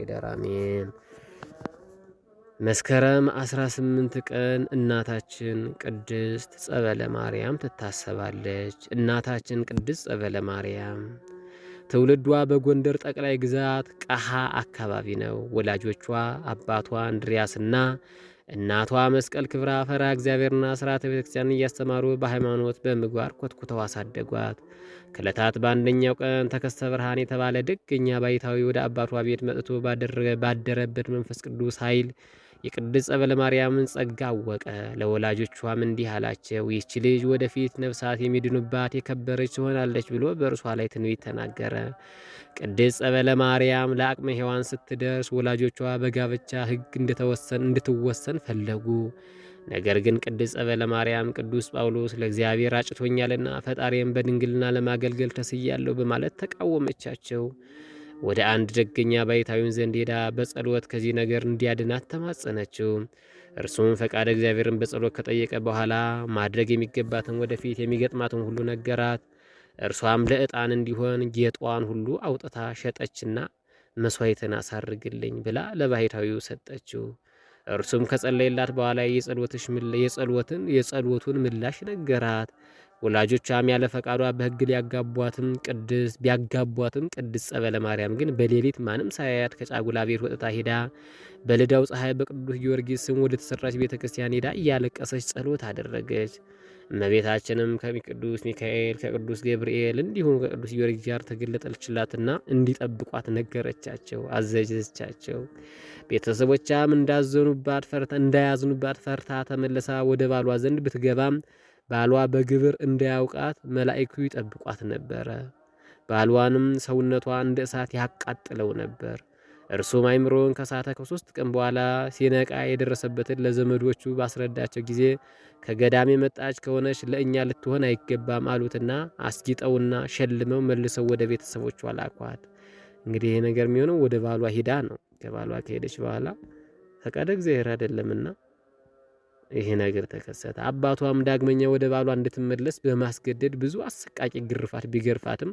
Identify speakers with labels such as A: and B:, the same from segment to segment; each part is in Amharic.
A: ይደር። አሜን። መስከረም 18 ቀን እናታችን ቅድስት ጸበለ ማርያም ትታሰባለች። እናታችን ቅድስት ጸበለ ማርያም ትውልዷ በጎንደር ጠቅላይ ግዛት ቀሃ አካባቢ ነው። ወላጆቿ አባቷ እንድሪያስና እናቷ መስቀል ክብራ ፈራ እግዚአብሔርና ስርዓተ ክርስቲያን እያስተማሩ በሃይማኖት በምግባር ኮትኩተው አሳደጓት። ከዕለታት በአንደኛው ቀን ተከስተ ብርሃን የተባለ ደገኛ ባይታዊ ወደ አባቷ ቤት መጥቶ ባደረበት መንፈስ ቅዱስ ኃይል የቅድስት ጸበለ ማርያምን ጸጋ አወቀ። ለወላጆቿም እንዲህ አላቸው፣ ይህች ልጅ ወደፊት ነፍሳት የሚድኑባት የከበረች ትሆናለች ብሎ በእርሷ ላይ ትንቢት ተናገረ። ቅድስት ጸበለ ማርያም ለአቅመ ሔዋን ስትደርስ ወላጆቿ በጋብቻ ሕግ እንድትወሰን ፈለጉ። ነገር ግን ቅድስት ጸበለ ማርያም ቅዱስ ጳውሎስ ለእግዚአብሔር አጭቶኛልና ፈጣሪም በድንግልና ለማገልገል ተስያለሁ በማለት ተቃወመቻቸው። ወደ አንድ ደገኛ ባይታዊን ዘንድ ሄዳ በጸሎት ከዚህ ነገር እንዲያድናት ተማጸነችው። እርሱም ፈቃድ እግዚአብሔርን በጸሎት ከጠየቀ በኋላ ማድረግ የሚገባትን ወደፊት የሚገጥማትን ሁሉ ነገራት። እርሷም ለዕጣን እንዲሆን ጌጧን ሁሉ አውጥታ ሸጠችና መሥዋዕትን አሳርግልኝ ብላ ለባሕታዊው ሰጠችው። እርሱም ከጸለየላት በኋላ የጸሎትን የጸሎቱን ምላሽ ነገራት። ወላጆቿም ያለ ፈቃዷ በሕግ ሊያጋቧትም ቅድስ ቢያጋቧትም ቅድስት ጸበለ ማርያም ግን በሌሊት ማንም ሳያያት ከጫጉላ ቤት ወጥታ ሄዳ በልዳው ፀሐይ በቅዱስ ጊዮርጊስ ስም ወደ ተሰራች ቤተ ክርስቲያን ሄዳ እያለቀሰች ጸሎት አደረገች። እመቤታችንም ከቅዱስ ሚካኤል ከቅዱስ ገብርኤል እንዲሁም ከቅዱስ ጊዮርጊስ ጋር ተገለጠልችላትና እንዲጠብቋት ነገረቻቸው፣ አዘዘቻቸው። ቤተሰቦቿም እንዳዘኑባት ፈርታ እንዳያዝኑባት ፈርታ ተመልሳ ወደ ባሏ ዘንድ ብትገባም ባሏ በግብር እንዳያውቃት መላእኩ ይጠብቋት ነበረ። ባሏንም ሰውነቷ እንደ እሳት ያቃጥለው ነበር። እርሱም አይምሮውን ከሳተ ከሶስት ቀን በኋላ ሲነቃ የደረሰበትን ለዘመዶቹ ባስረዳቸው ጊዜ ከገዳም የመጣች ከሆነች ለእኛ ልትሆን አይገባም አሉትና አስጊጠውና ሸልመው መልሰው ወደ ቤተሰቦቿ ላኳት። እንግዲህ ይሄ ነገር የሚሆነው ወደ ባሏ ሂዳ ነው። ከባሏ ከሄደች በኋላ ፈቃደ እግዚአብሔር አይደለምና ይሄ ነገር ተከሰተ። አባቷም ዳግመኛ ወደ ባሏ እንድትመለስ በማስገደድ ብዙ አሰቃቂ ግርፋት ቢገርፋትም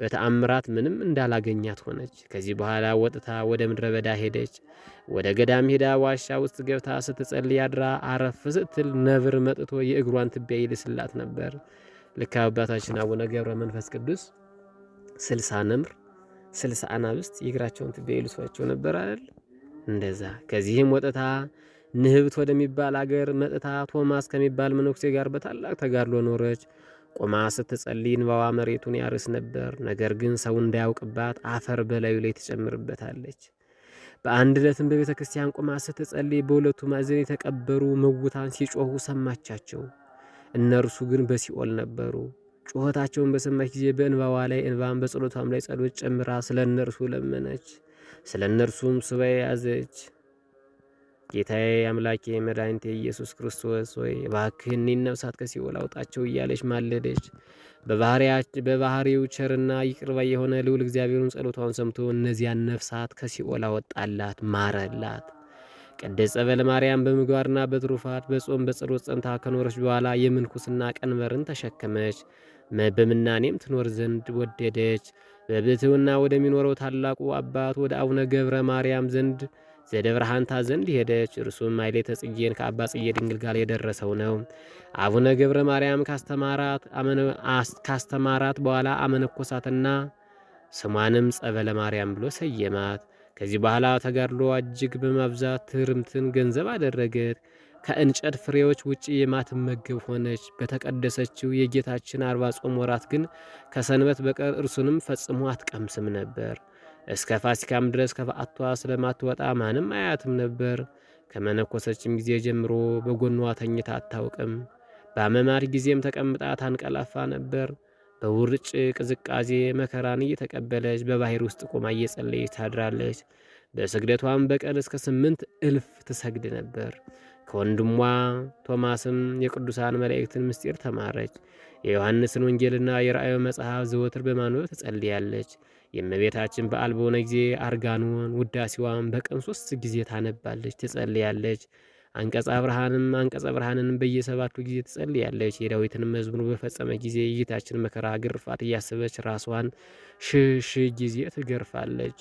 A: በተአምራት ምንም እንዳላገኛት ሆነች። ከዚህ በኋላ ወጥታ ወደ ምድረ በዳ ሄደች። ወደ ገዳም ሄዳ ዋሻ ውስጥ ገብታ ስትጸልይ አድራ አረፍ ስትል ነብር መጥቶ የእግሯን ትቢያ ይልስላት ነበር። ልክ አባታችን አቡነ ገብረ መንፈስ ቅዱስ ስልሳ ነምር ስልሳ አናብስት የእግራቸውን ትቢያ ይልሷቸው ነበር አይደል? እንደዛ ከዚህም ወጥታ ንህብት ወደሚባል አገር መጥታ ቶማስ ከሚባል መነኩሴ ጋር በታላቅ ተጋድሎ ኖረች። ቆማ ስትጸልይ እንባዋ መሬቱን ያርስ ነበር። ነገር ግን ሰው እንዳያውቅባት አፈር በላዩ ላይ ትጨምርበታለች። በአንድ ዕለትም በቤተ ክርስቲያን ቆማ ስትጸልይ በሁለቱ ማዕዘን የተቀበሩ ምውታን ሲጮኹ ሰማቻቸው። እነርሱ ግን በሲኦል ነበሩ። ጩኸታቸውን በሰማች ጊዜ በእንባዋ ላይ እንባን በጸሎቷም ላይ ጸሎት ጨምራ ስለ እነርሱ ለመነች። ስለ እነርሱም ሱባኤ ያዘች። ጌታዬ አምላኬ መድኃኒቴ ኢየሱስ ክርስቶስ ሆይ እባክህ እኒህን ነፍሳት ከሲኦል አውጣቸው እያለች ማለደች። በባህሪው ቸርና ይቅርባ የሆነ ልዑል እግዚአብሔርን ጸሎቷን ሰምቶ እነዚያን ነፍሳት ከሲኦል አወጣላት፣ ማረላት። ቅድስት ጸበለ ማርያም በምግባርና በትሩፋት በጾም በጸሎት ጸንታ ከኖረች በኋላ የምንኩስና ቀንበርን ተሸከመች። በምናኔም ትኖር ዘንድ ወደደች። በብትውና ወደሚኖረው ታላቁ አባት ወደ አቡነ ገብረ ማርያም ዘንድ ዘደብረሃንታ ዘንድ ሄደች። እርሱም ማኅሌተ ጽጌን ከአባ ጽጌ ድንግል ጋር የደረሰው ነው። አቡነ ገብረ ማርያም ካስተማራት በኋላ አመነኮሳትና ስሟንም ጸበለ ማርያም ብሎ ሰየማት። ከዚህ በኋላ ተጋድሎ እጅግ በማብዛት ትርምትን ገንዘብ አደረገት። ከእንጨት ፍሬዎች ውጭ የማትመገብ ሆነች። በተቀደሰችው የጌታችን አርባ ጾም ወራት ግን ከሰንበት በቀር እርሱንም ፈጽሞ አትቀምስም ነበር። እስከ ፋሲካም ድረስ ከበዓቷ ስለማትወጣ ማንም አያትም ነበር። ከመነኮሰችም ጊዜ ጀምሮ በጎኗ ተኝታ አታውቅም። በአመማር ጊዜም ተቀምጣ ታንቀላፋ ነበር። በውርጭ ቅዝቃዜ መከራን እየተቀበለች በባህር ውስጥ ቆማ እየጸለየች ታድራለች። በስግደቷም በቀን እስከ ስምንት እልፍ ትሰግድ ነበር። ከወንድሟ ቶማስም የቅዱሳን መላእክትን ምስጢር ተማረች። የዮሐንስን ወንጌልና የራእዩ መጽሐፍ ዘወትር በማንበብ ትጸልያለች። የእመቤታችን በዓል በሆነ ጊዜ አርጋኖን ውዳሴዋን በቀን ሶስት ጊዜ ታነባለች፣ ትጸልያለች። አንቀጸ ብርሃንም አንቀጸ ብርሃንንም በየሰባቱ ጊዜ ትጸልያለች። የዳዊትን መዝሙር በፈጸመ ጊዜ የጌታችን መከራ ግርፋት እያሰበች ራሷን ሽሽ ጊዜ ትገርፋለች።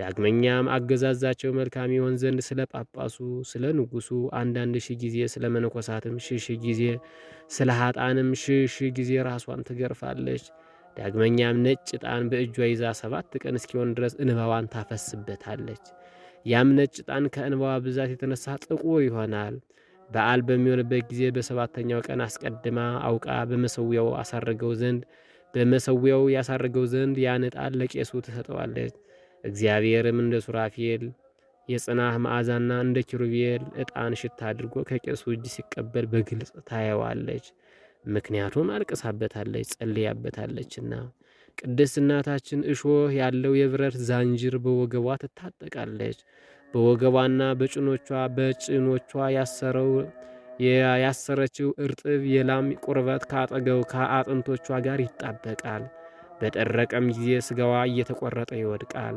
A: ዳግመኛም አገዛዛቸው መልካም ይሆን ዘንድ ስለ ጳጳሱ፣ ስለ ንጉሱ አንዳንድ ሺ ጊዜ ስለ መነኮሳትም ሽሽ ጊዜ ስለ ሀጣንም ሽሽ ጊዜ ራሷን ትገርፋለች። ዳግመኛም ነጭ ዕጣን በእጇ ይዛ ሰባት ቀን እስኪሆን ድረስ እንባዋን ታፈስበታለች። ያም ነጭ ዕጣን ከእንባዋ ብዛት የተነሳ ጥቁር ይሆናል። በዓል በሚሆንበት ጊዜ በሰባተኛው ቀን አስቀድማ አውቃ በመሰዊያው አሳርገው ዘንድ በመሰዊያው ያሳርገው ዘንድ ያን ዕጣን ለቄሱ ትሰጠዋለች። እግዚአብሔርም እንደ ሱራፌል የጽናህ መዓዛና እንደ ኪሩቤል ዕጣን ሽታ አድርጎ ከቄሱ እጅ ሲቀበል በግልጽ ታየዋለች። ምክንያቱም አልቅሳበታለች ጸልያበታለችና። ቅድስት እናታችን እሾህ ያለው የብረት ዛንጅር በወገቧ ትታጠቃለች። በወገቧና በጭኖቿ በጭኖቿ ያሰረው ያሰረችው እርጥብ የላም ቁርበት ከአጠገው ከአጥንቶቿ ጋር ይጣበቃል። በጠረቀም ጊዜ ስጋዋ እየተቆረጠ ይወድቃል።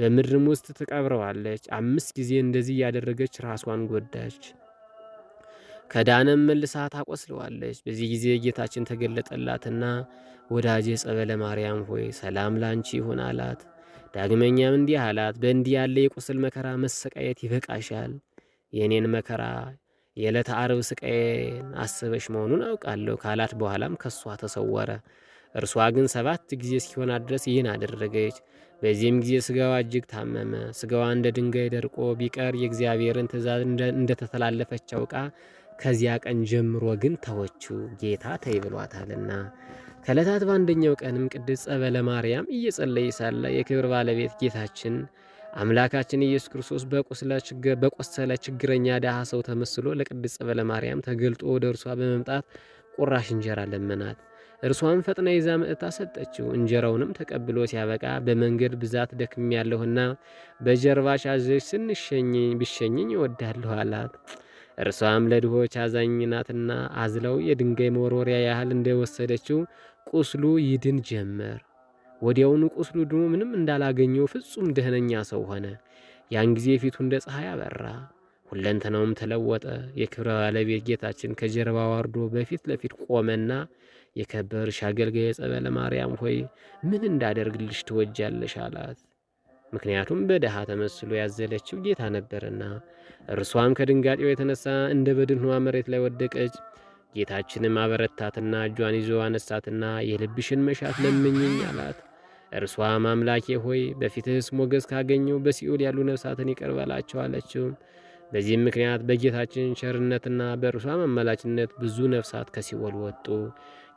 A: በምድርም ውስጥ ትቀብረዋለች። አምስት ጊዜ እንደዚህ እያደረገች ራሷን ጎዳች። ከዳነም መልሳ ታቆስለዋለች። በዚህ ጊዜ ጌታችን ተገለጠላትና ወዳጄ ጸበለ ማርያም ሆይ ሰላም ላንቺ ይሁን አላት። ዳግመኛም እንዲህ አላት፣ በእንዲህ ያለ የቁስል መከራ መሰቃየት ይበቃሻል። የእኔን መከራ የዕለተ አርብ ስቃዬን አስበሽ መሆኑን አውቃለሁ ካላት በኋላም ከሷ ተሰወረ። እርሷ ግን ሰባት ጊዜ እስኪሆናት ድረስ ይህን አደረገች። በዚህም ጊዜ ስጋዋ እጅግ ታመመ። ስጋዋ እንደ ድንጋይ ደርቆ ቢቀር የእግዚአብሔርን ትእዛዝ እንደተተላለፈች አውቃ ከዚያ ቀን ጀምሮ ግን ተወችው ጌታ ተይ ብሏታልና። ከዕለታት በአንደኛው ቀንም ቅድስት ጸበለ ማርያም እየጸለየ ሳለ የክብር ባለቤት ጌታችን አምላካችን ኢየሱስ ክርስቶስ በቆሰለ ችግረኛ ድሃ ሰው ተመስሎ ለቅድስት ጸበለ ማርያም ተገልጦ ወደ እርሷ በመምጣት ቁራሽ እንጀራ ለመናት። እርሷም ፈጥና ይዛ መጥታ ሰጠችው። እንጀራውንም ተቀብሎ ሲያበቃ በመንገድ ብዛት ደክሜያለሁና በጀርባሽ አዘሽ ስንሸኝ ብሸኝኝ እወዳለሁ አላት። እርሷም ለድሆች አዛኝ ናትና አዝለው የድንጋይ መወርወሪያ ያህል እንደወሰደችው ቁስሉ ይድን ጀመር። ወዲያውኑ ቁስሉ ድኖ ምንም እንዳላገኘው ፍጹም ደህነኛ ሰው ሆነ። ያን ጊዜ ፊቱ እንደ ፀሐይ አበራ፣ ሁለንተናውም ተለወጠ። የክብረ ባለቤት ጌታችን ከጀርባ ዋርዶ በፊት ለፊት ቆመና የከበርሽ አገልጋየ የጸበለ ማርያም ሆይ ምን እንዳደርግልሽ ትወጃለሽ? አላት። ምክንያቱም በድሃ ተመስሎ ያዘለችው ጌታ ነበርና። እርሷም ከድንጋጤው የተነሳ እንደ በድን ሆና መሬት ላይ ወደቀች። ጌታችንም አበረታትና እጇን ይዞ አነሳትና የልብሽን መሻት ለምኝኝ አላት። እርሷም አምላኬ ሆይ በፊትህስ ሞገስ ካገኘው በሲኦል ያሉ ነፍሳትን ይቀርበላቸው አለችው። በዚህም ምክንያት በጌታችን ቸርነትና በእርሷ መመላችነት ብዙ ነፍሳት ከሲኦል ወጡ።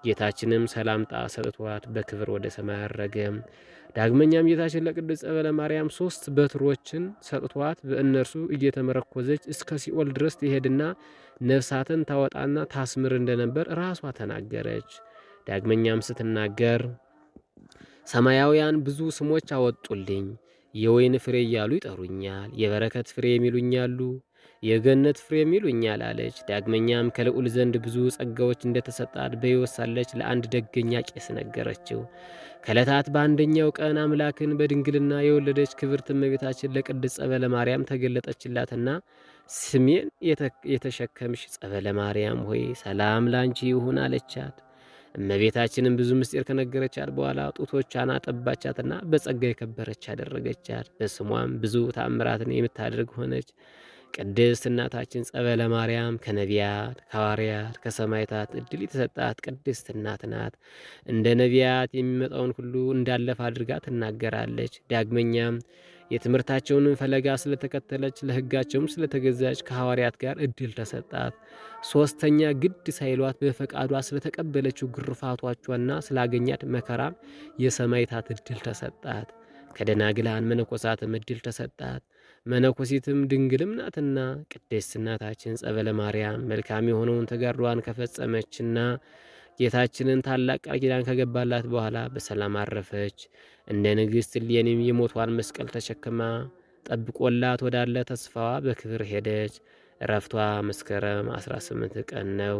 A: ጌታችንም ሰላምጣ ሰጥቷት በክብር ወደ ሰማይ አረገ። ዳግመኛም ጌታችን ለቅድስት ጸበለ ማርያም ሶስት በትሮችን ሰጥቷት በእነርሱ እየተመረኮዘች እስከ ሲኦል ድረስ ትሄድና ነፍሳትን ታወጣና ታስምር እንደነበር ራሷ ተናገረች። ዳግመኛም ስትናገር ሰማያውያን ብዙ ስሞች አወጡልኝ የወይን ፍሬ እያሉ ይጠሩኛል፣ የበረከት ፍሬ የሚሉኛሉ፣ የገነት ፍሬ የሚሉኛል አለች። ዳግመኛም ከልዑል ዘንድ ብዙ ጸጋዎች እንደተሰጣት በሕይወት ሳለች ለአንድ ደገኛ ቄስ ነገረችው። ከዕለታት በአንደኛው ቀን አምላክን በድንግልና የወለደች ክብርት እመቤታችን ለቅድስት ጸበለ ማርያም ተገለጠችላትና ስሜን የተሸከምሽ ጸበለ ማርያም ሆይ ሰላም ላንቺ ይሁን አለቻት። እመቤታችንም ብዙ ምስጢር ከነገረቻት በኋላ ጡቶቿን አጠባቻትና በጸጋ የከበረች አደረገቻት። በስሟም ብዙ ታምራትን የምታደርግ ሆነች። ቅድስት እናታችን ጸበለ ማርያም ከነቢያት ከሐዋርያት ከሰማይታት እድል የተሰጣት ቅድስት እናት ናት። እንደ ነቢያት የሚመጣውን ሁሉ እንዳለፈ አድርጋ ትናገራለች። ዳግመኛም የትምህርታቸውንም ፈለጋ ስለተከተለች ለሕጋቸውም ስለተገዛች ከሐዋርያት ጋር እድል ተሰጣት። ሶስተኛ ግድ ሳይሏት በፈቃዷ ስለተቀበለችው ግርፋቷቿና ስላገኛት መከራም የሰማይታት እድል ተሰጣት። ከደናግላን መነኮሳትም እድል ተሰጣት። መነኮሲትም ድንግልም ናትና ቅድስት እናታችን ጸበለ ማርያም መልካም የሆነውን ተጋድሏን ከፈጸመችና ጌታችንን ታላቅ ቃል ኪዳን ከገባላት በኋላ በሰላም አረፈች። እንደ ንግሥት ሌኒም የሞቷን መስቀል ተሸክማ ጠብቆላት ወዳለ ተስፋዋ በክብር ሄደች። እረፍቷ መስከረም 18 ቀን ነው።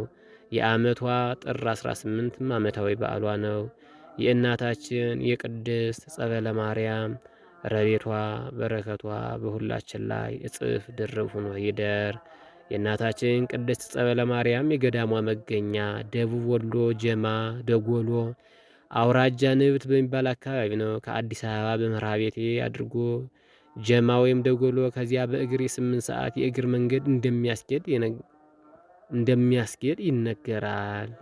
A: የዓመቷ ጥር 18 ዓመታዊ በዓሏ ነው። የእናታችን የቅድስት ጸበለ ማርያም ረቤቷ በረከቷ በሁላችን ላይ እጽፍ ድርብ ሆኖ ይደር። የእናታችን ቅድስት ጸበለ ማርያም የገዳሟ መገኛ ደቡብ ወሎ ጀማ ደጎሎ አውራጃ ንብት በሚባል አካባቢ ነው። ከአዲስ አበባ በመርሃ ቤቴ አድርጎ ጀማ ወይም ደጎሎ፣ ከዚያ በእግር የስምንት ሰዓት የእግር መንገድ እንደሚያስጌድ ይነገራል።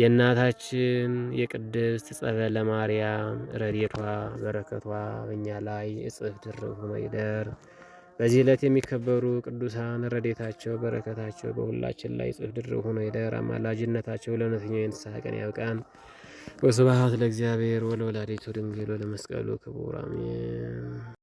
A: የእናታችን የቅድስት ጸበለ ማርያም ረድኤቷ በረከቷ በእኛ ላይ እጽፍ ድርብ ሆኖ ይደር። በዚህ ዕለት የሚከበሩ ቅዱሳን ረዴታቸው በረከታቸው በሁላችን ላይ ጽፍ ድርብ ሆኖ ይደር። አማላጅነታቸው ለእውነተኛው የንስሐ ቀን ያብቃን። ወስብሐት ለእግዚአብሔር ወለወላዲቱ ድንግል ወለመስቀሉ ክቡር አሜን።